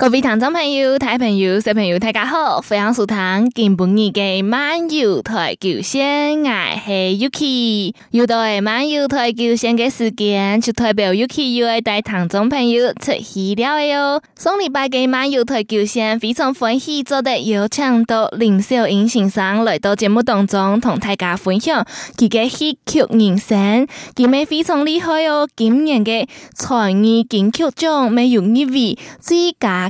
各位聽眾朋友、大朋友、小朋友，大家好！歡迎收聽，今本日嘅漫遊台九線，係 Yuki。又到嚟漫遊台九線嘅時間，就代表 Yuki 又係帶聽眾朋友出喜了嘅哦。上禮拜嘅漫遊台九線非常歡喜，坐得有請到林少英先生來到節目當中，同大家分享佢嘅戲曲人生，佢咪非常厲害哦！今年嘅才藝競曲中，沒有呢位資格。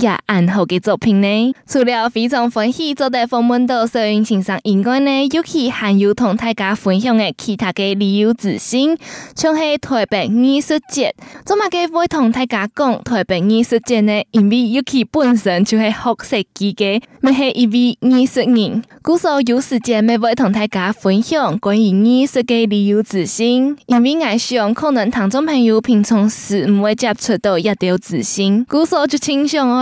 也暗號的作品呢？除了非常歡喜做在封面度使影情商引歌呢尤其 i 還要同大家分享的其他嘅旅遊資訊，像是台北藝術節，做乜嘅會同大家講台北藝術節呢？因為尤其本身就係學設計嘅，咪是一位藝術人。故說有時間咪會同大家分享關於藝術的旅遊資訊，因為我想可能聽眾朋友平常時唔會接觸到一條資訊，故說就傾向哦。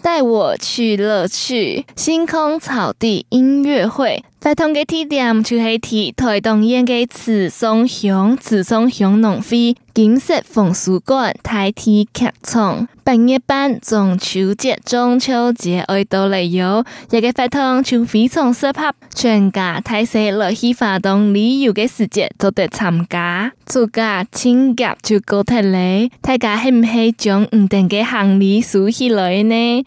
帶我去樂趣，星空草地音樂會。活動嘅地點就是喺台東縣嘅池上鄉，池上鄉農會。金色豐收館，大地劇場。八月半，中秋節，中秋節愛到旅遊，一個活動就非常適合全家、大細、樂戲、發動旅遊嘅時節，世界都得參加。自假請假就高鐵來，大家係唔係將唔定嘅行李數起來呢？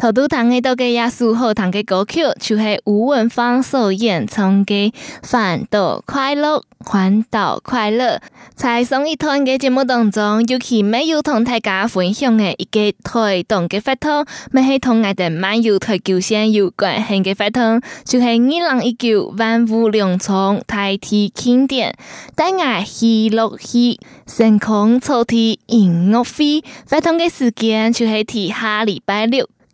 頭度唱嘅都計雅俗好聽嘅歌曲，就係吳文芳首演唱嘅《反倒快樂》，《環島快樂》。在上一堂嘅節目當中，尤其沒有同大家分享嘅一個台東嘅活動。麥係同我哋漫遊台九線有關的發。行嘅活動就係二零一九萬物糧倉，大地慶典。但我喜樂喜，星空草地音樂會。活動嘅時間就係下禮拜六。